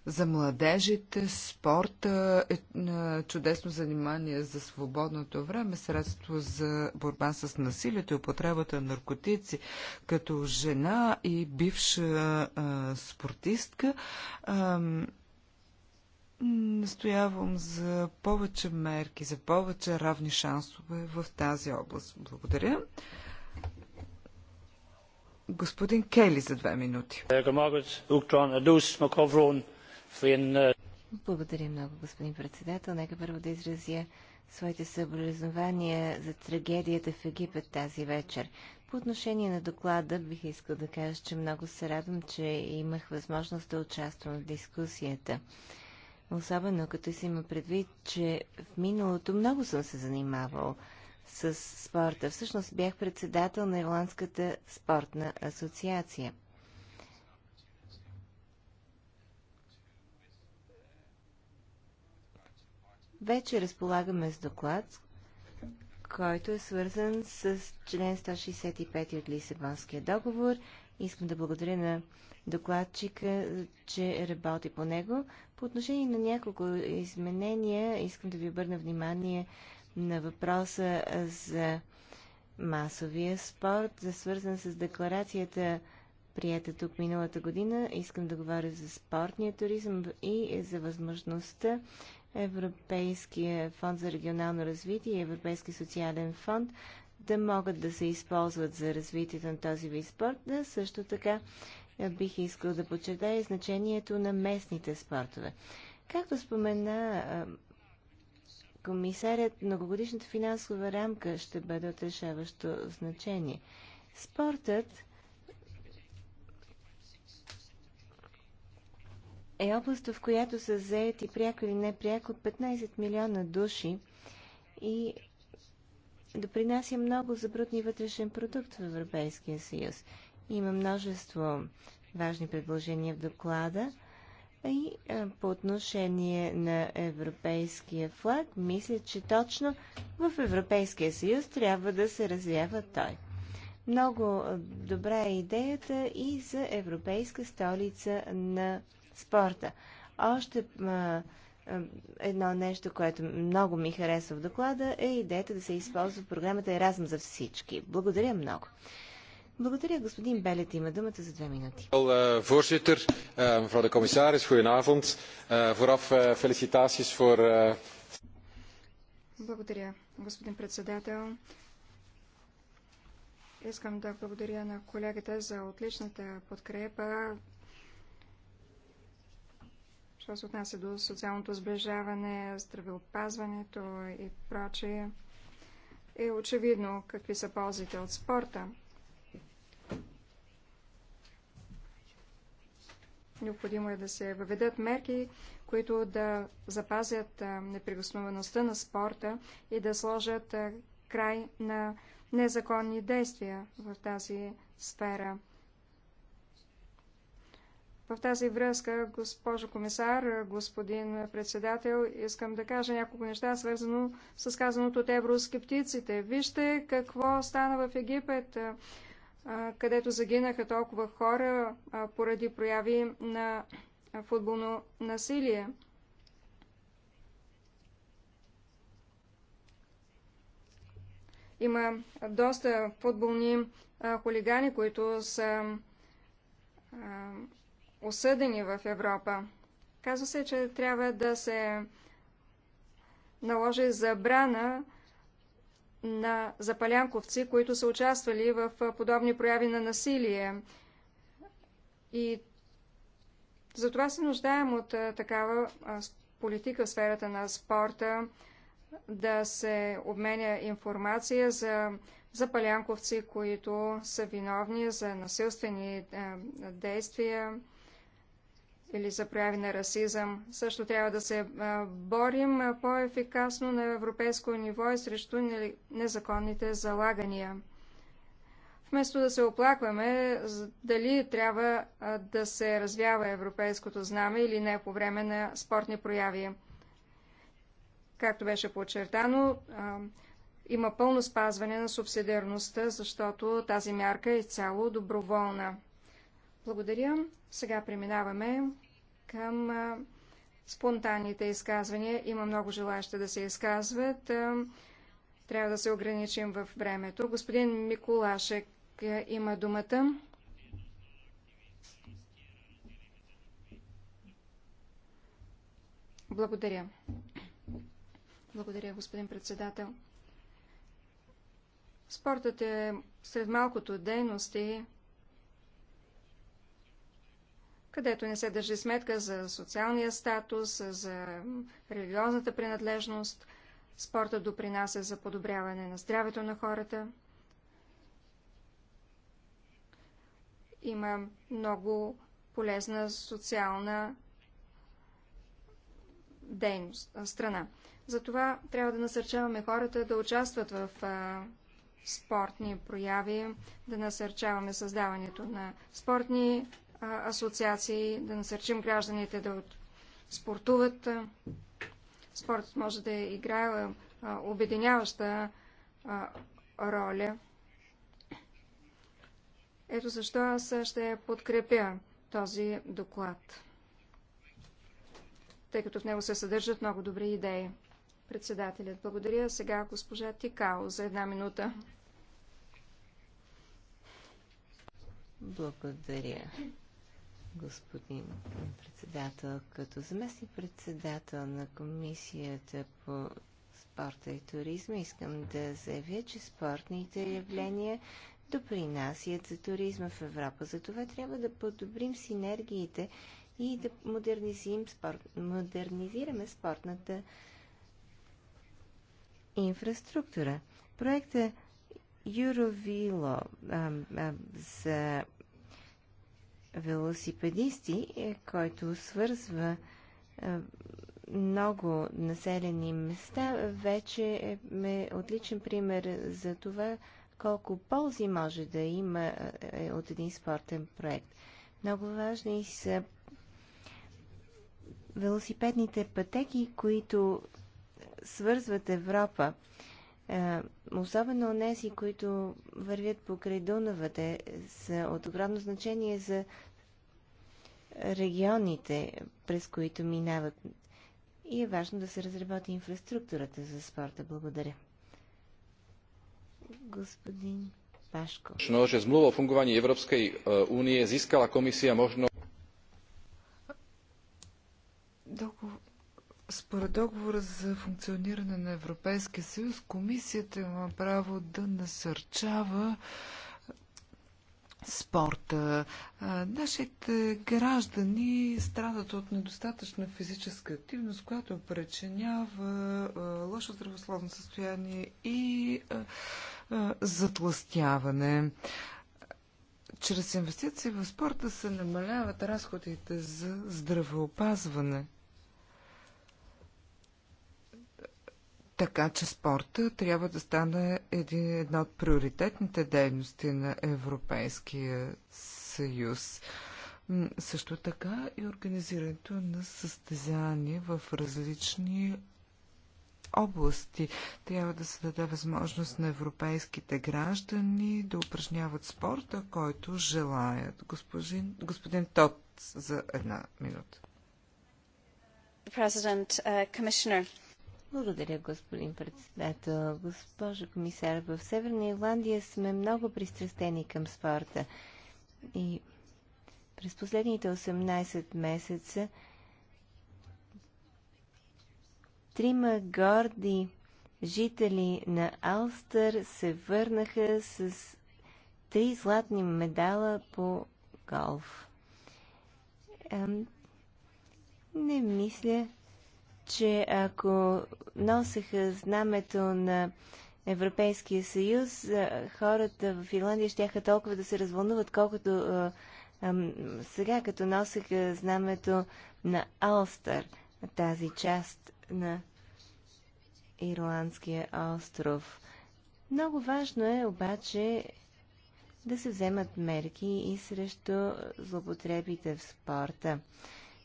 за младежите, спорта е, е чудесно занимание за свободното време, средство за борба с насилието и употребата на наркотици. Като жена и бивша е, спортистка, е, настоявам за повече мерки, за повече равни шансове в тази област. Благодаря. Господин Кели за две минути. Uh, Благодаря много, господин председател. Нека първо да изразя своите съболезнования за трагедията в Египет тази вечер. По отношение на доклада бих искал да кажа, че много се радвам, че имах възможност да участвам в дискусията. Особено като си има предвид, че в миналото много съм се занимавал с спорта. Всъщност бях председател на Ирландската спортна асоциация – Вече разполагаме с доклад, който е свързан с член 165 от Лисабонския договор. Искам да благодаря на докладчика, че работи по него. По отношение на няколко изменения, искам да ви обърна внимание на въпроса за масовия спорт, за свързан с декларацията, прията тук миналата година. Искам да говоря за спортния туризъм и за възможността Европейския фонд за регионално развитие и Европейски социален фонд да могат да се използват за развитието на този вид спорт, да също така бих искал да подчертая значението на местните спортове. Както спомена комисарят, многогодишната финансова рамка ще бъде от решаващо значение. Спортът е област, в която са заети пряко или непряко 15 милиона души и допринася много за брутния вътрешен продукт в Европейския съюз. Има множество важни предложения в доклада и по отношение на европейския флаг, мисля, че точно в Европейския съюз трябва да се развява той. Много добра е идеята и за Европейска столица на спорта. Още а, едно нещо, което много ми харесва в доклада, е идеята да се използва в програмата Еразъм за всички. Благодаря много. Благодаря, господин Белет. Има думата за две минути. Е, voorzitter, е, mevrouw de commissaris, goedenavond. Е, vooraf felicitaties voor... Благодаря, господин председател. Искам да благодаря на колегата за отличната подкрепа що се отнася до социалното сближаване, здравеопазването и прочее, е очевидно какви са ползите от спорта. Необходимо е да се въведат мерки, които да запазят неприкосновеността на спорта и да сложат край на незаконни действия в тази сфера. В тази връзка, госпожо комисар, господин председател, искам да кажа няколко неща, свързано с казаното от евроскептиците. Вижте какво стана в Египет, където загинаха толкова хора поради прояви на футболно насилие. Има доста футболни хулигани, които са осъдени в Европа. Казва се, че трябва да се наложи забрана на запалянковци, които са участвали в подобни прояви на насилие. И затова се нуждаем от такава политика в сферата на спорта, да се обменя информация за запалянковци, които са виновни за насилствени действия или за прояви на расизъм. Също трябва да се борим по-ефикасно на европейско ниво и срещу незаконните залагания. Вместо да се оплакваме дали трябва да се развява европейското знаме или не по време на спортни прояви. Както беше подчертано, има пълно спазване на субсидиарността, защото тази мярка е цяло доброволна. Благодаря. Сега преминаваме към спонтанните изказвания. Има много желащи да се изказват. Трябва да се ограничим в времето. Господин Миколашек има думата. Благодаря. Благодаря, господин председател. Спортът е сред малкото дейности, където не се държи сметка за социалния статус, за религиозната принадлежност. Спорта допринася за подобряване на здравето на хората. Има много полезна социална дейност, страна. Затова трябва да насърчаваме хората да участват в а, спортни прояви, да насърчаваме създаването на спортни асоциации, да насърчим гражданите да спортуват. Спортът може да играе обединяваща роля. Ето защо аз ще подкрепя този доклад, тъй като в него се съдържат много добри идеи. Председателят, благодаря. Сега госпожа Тикао за една минута. Благодаря господин председател. Като заместник председател на комисията по спорта и туризма искам да заявя, че спортните явления допринасят за туризма в Европа. Затова трябва да подобрим синергиите и да модернизим спорт, модернизираме спортната инфраструктура. Проектът Юровило за велосипедисти, е, който свързва е, много населени места, вече е отличен пример за това колко ползи може да има е, от един спортен проект. Много важни са велосипедните пътеки, които свързват Европа. Е, особено онези, които вървят покрай Дунавата, е, са от огромно значение за регионите, през които минават. И е важно да се разработи инфраструктурата за спорта. Благодаря. Господин Пашко. No, že zmluvu o fungovaní Európskej е, únie získala Договор според договора за функциониране на Европейския съюз, комисията има право да насърчава спорта. Нашите граждани страдат от недостатъчна физическа активност, която причинява лошо здравословно състояние и затластяване. Чрез инвестиции в спорта се намаляват разходите за здравеопазване. Така че спорта трябва да стане един, една от приоритетните дейности на Европейския съюз. Също така и организирането на състезания в различни области. Трябва да се даде възможност на европейските граждани да упражняват спорта, който желаят. Господин, господин Тот за една минута. President, uh, Commissioner. Благодаря, господин председател. Госпожо комисар, в Северна Ирландия сме много пристрастени към спорта. И през последните 18 месеца трима горди жители на Алстър се върнаха с три златни медала по голф. не мисля, че ако носеха знамето на Европейския съюз, хората в Ирландия ще толкова да се развълнуват, колкото а, а, сега, като носеха знамето на Алстър, тази част на Ирландския остров. Много важно е обаче да се вземат мерки и срещу злопотребите в спорта.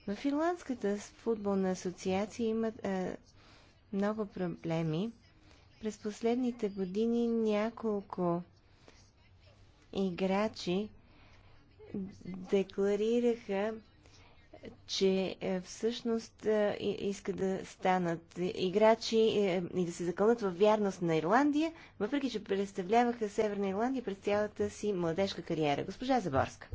В Ирландската футболна асоциация имат е, много проблеми. През последните години няколко играчи декларираха, че е, всъщност е, искат да станат играчи е, и да се закълнат в вярност на Ирландия, въпреки че представляваха Северна Ирландия през цялата си младежка кариера. Госпожа Заборска.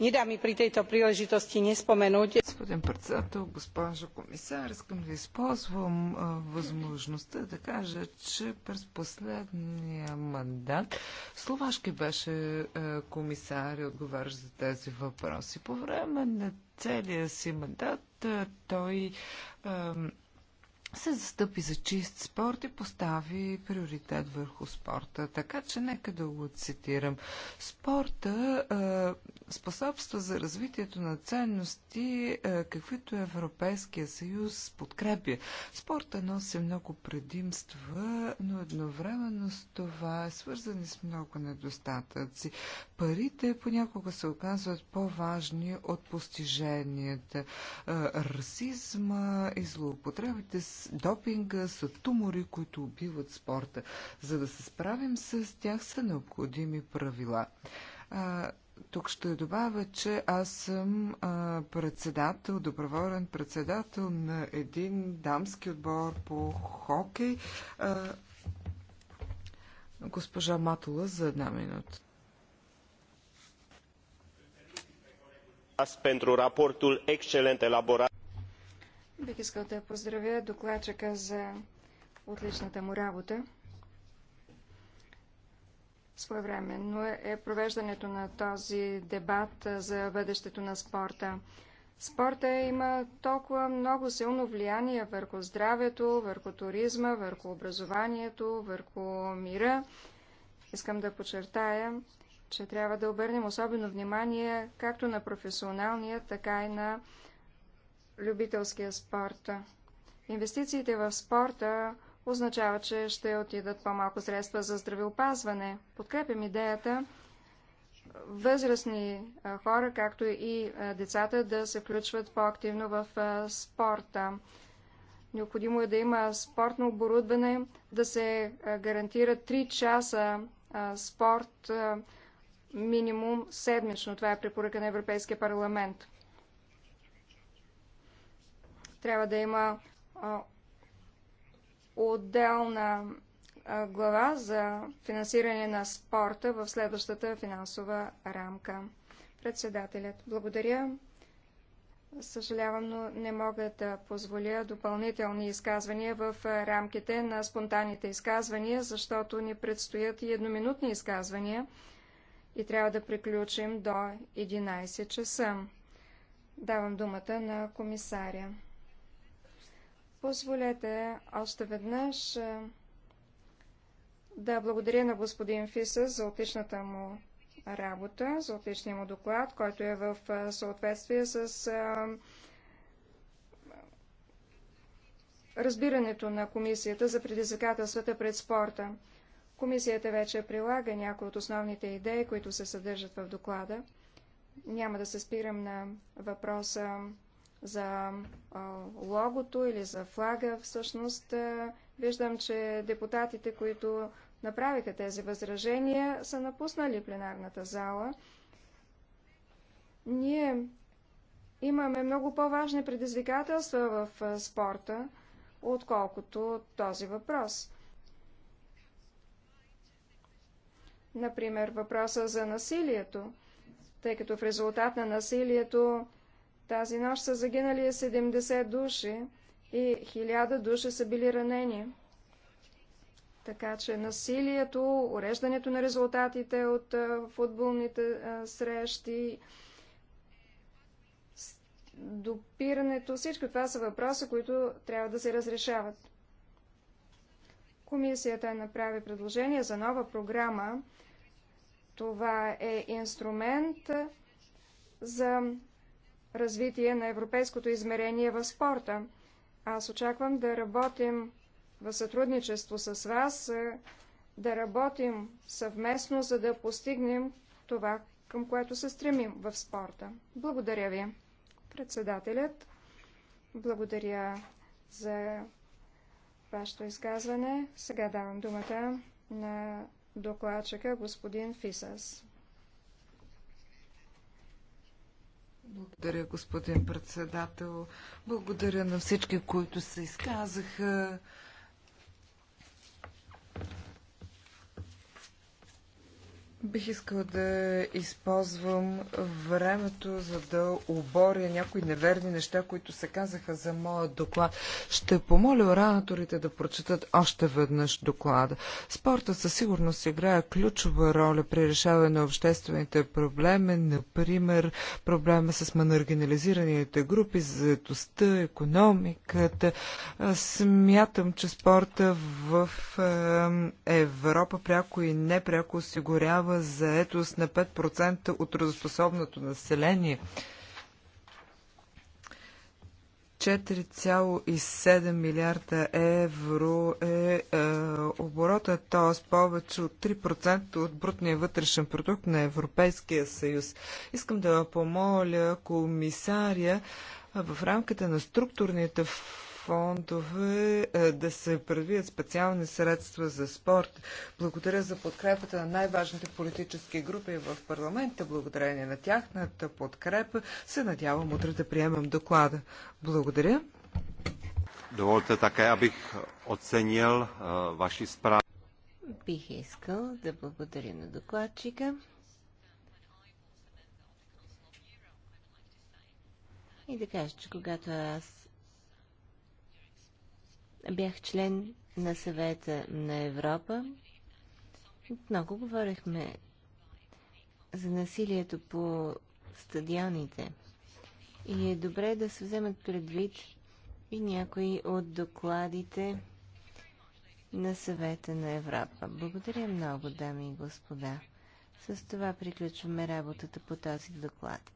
Недá ми при тejto príležitosti несpomenúť. Господин председател, госпожо комисар, искам да използвам а, възможността да кажа, че през последния мандат Словашки беше а, комисар и отговарящ за тези въпроси. По време на целия си мандат а, той а, се застъпи за чист спорт и постави приоритет върху спорта. Така че нека да го цитирам. Спорта е, способства за развитието на ценности, е, каквито Европейския съюз подкрепя. Спорта носи много предимства, но едновременно с това е свързани с много недостатъци. Парите понякога се оказват по-важни от постиженията. Е, расизма и злоупотребите с допинга, са тумори, които убиват спорта. За да се справим с тях са необходими правила. А, тук ще добавя, че аз съм а, председател, доброволен председател на един дамски отбор по хокей. А, госпожа Матула за една минута. пентру raportul excelent elaborat. Бих искал да поздравя докладчика за отличната му работа. Своевременно е, е провеждането на този дебат за бъдещето на спорта. Спорта има толкова много силно влияние върху здравето, върху туризма, върху образованието, върху мира. Искам да подчертая, че трябва да обърнем особено внимание както на професионалния, така и на любителския е спорт. Инвестициите в спорта означава, че ще отидат по-малко средства за здравеопазване. Подкрепям идеята възрастни хора, както и децата, да се включват по-активно в спорта. Необходимо е да има спортно оборудване, да се гарантира 3 часа спорт минимум седмично. Това е препоръка на Европейския парламент. Трябва да има отделна глава за финансиране на спорта в следващата финансова рамка. Председателят, благодаря. Съжалявам, но не мога да позволя допълнителни изказвания в рамките на спонтанните изказвания, защото ни предстоят и едноминутни изказвания и трябва да приключим до 11 часа. Давам думата на комисаря. Позволете още веднъж е, да благодаря на господин Фиса за отличната му работа, за отличния му доклад, който е в е, съответствие с е, разбирането на комисията за предизвикателствата пред спорта. Комисията вече прилага някои от основните идеи, които се съдържат в доклада. Няма да се спирам на въпроса за логото или за флага. Всъщност виждам, че депутатите, които направиха тези възражения, са напуснали пленарната зала. Ние имаме много по-важни предизвикателства в спорта, отколкото този въпрос. Например, въпроса за насилието, тъй като в резултат на насилието тази нощ са загинали 70 души и 1000 души са били ранени. Така че насилието, уреждането на резултатите от футболните срещи, допирането, всичко това са въпроси, които трябва да се разрешават. Комисията направи предложение за нова програма. Това е инструмент за развитие на европейското измерение в спорта. Аз очаквам да работим в сътрудничество с вас, е, да работим съвместно, за да постигнем това, към което се стремим в спорта. Благодаря ви, председателят. Благодаря за вашето изказване. Сега давам думата на докладчика господин Фисас. Благодаря, господин председател. Благодаря на всички, които се изказаха. Бих искала да използвам времето, за да оборя някои неверни неща, които се казаха за моя доклад. Ще помоля ораторите да прочетат още веднъж доклада. Спорта със сигурност играе ключова роля при решаване на обществените проблеми, например проблема с манаргинализираните групи, заедостта, економиката. Смятам, че спорта в е, Европа пряко и непряко осигурява осигурява заетост на 5% от трудоспособното население. 4,7 милиарда евро е, е оборота, т.е. повече от 3% от брутния вътрешен продукт на Европейския съюз. Искам да помоля комисаря в рамките на структурните фондове е, да се предвидят специални средства за спорт. Благодаря за подкрепата на най-важните политически групи в парламента. Благодарение на тяхната подкрепа се надявам утре да приемам доклада. Благодаря. Доволте така, абих оценил ваши справи. Бих искал да благодаря на докладчика. И да кажа, че когато аз Бях член на съвета на Европа. Много говорихме за насилието по стадионите. И е добре да се вземат предвид и някои от докладите на съвета на Европа. Благодаря много, дами и господа. С това приключваме работата по този доклад.